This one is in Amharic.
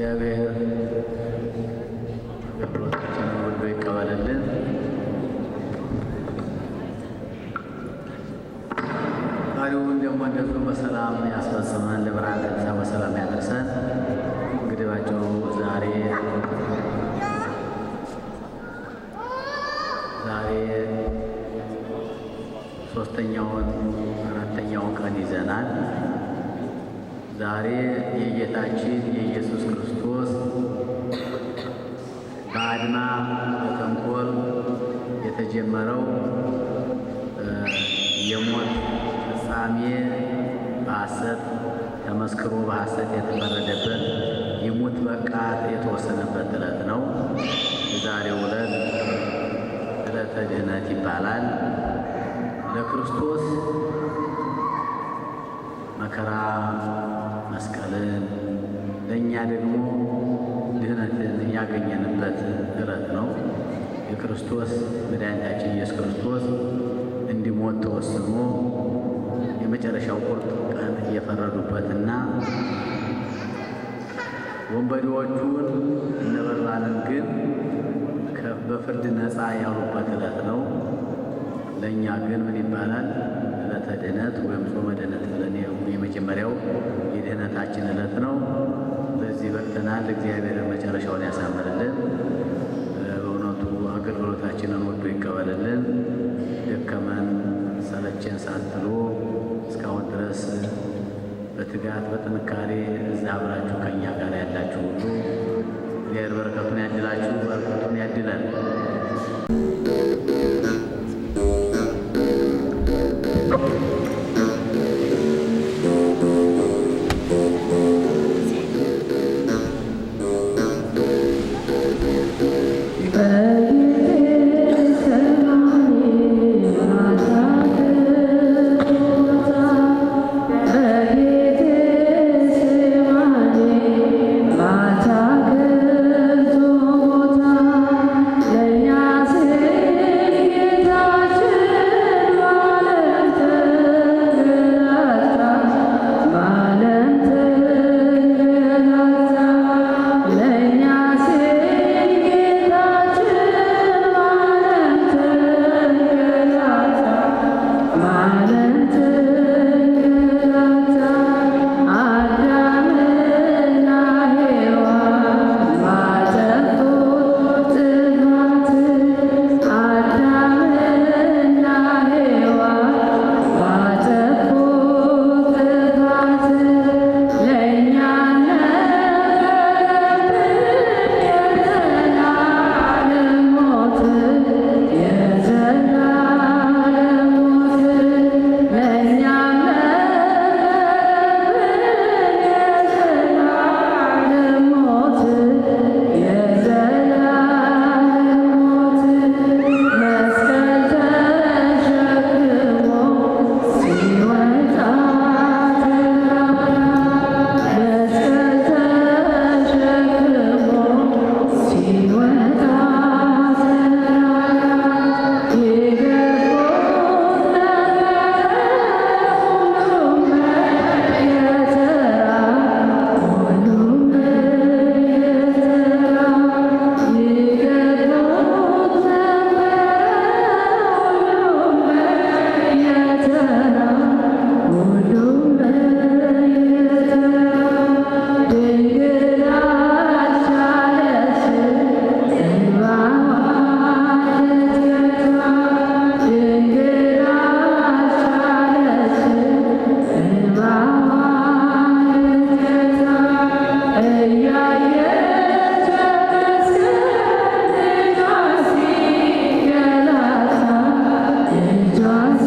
እግዚአብሔር ጸሎታችንን ሁሉ ይቀበልልን። ዛሬውን ደግሞ እንደዚሁ በሰላም ያስፈጽመን፣ ለብርሃነ ትንሣኤው በሰላም ያደርሰን። እንግዲህ ዛሬ ዛሬ ሶስተኛውን አራተኛውን ቀን ይዘናል። ዛሬ የጌታችን የኢየሱስ ክርስቶስ በአድማ በተንኮል የተጀመረው የሞት ፍጻሜ በሐሰት ተመስክሮ በሐሰት የተፈረደበት የሞት በቃ የተወሰነበት ዕለት ነው። የዛሬው ዕለት ዕለተ ድህነት ይባላል። ክርስቶስ መድኃኒታችን ኢየሱስ ክርስቶስ እንዲሞት ተወስኖ የመጨረሻው ቁርጥ ቀን እየፈረዱበትና ወንበዴዎቹን እነ በርባንን ግን በፍርድ ነፃ ያሉበት ዕለት ነው። ለእኛ ግን ምን ይባላል? ዕለተ ድህነት ወይም ጾመ ድህነት ብለን የመጀመሪያው የድህነታችን ዕለት ነው። በዚህ በቅተናል። እግዚአብሔር መጨረሻውን ያሳ ጸሎታችንን ወዶ ይቀበልልን። ደከመን ሰለቸን ሳትሉ እስካሁን ድረስ በትጋት በጥንካሬ እዚህ አብራችሁ ከእኛ ጋር ያላችሁ ሁሉ እግዚአብሔር በረከቱን ያድላችሁ፣ በረከቱን ያድለን። nós.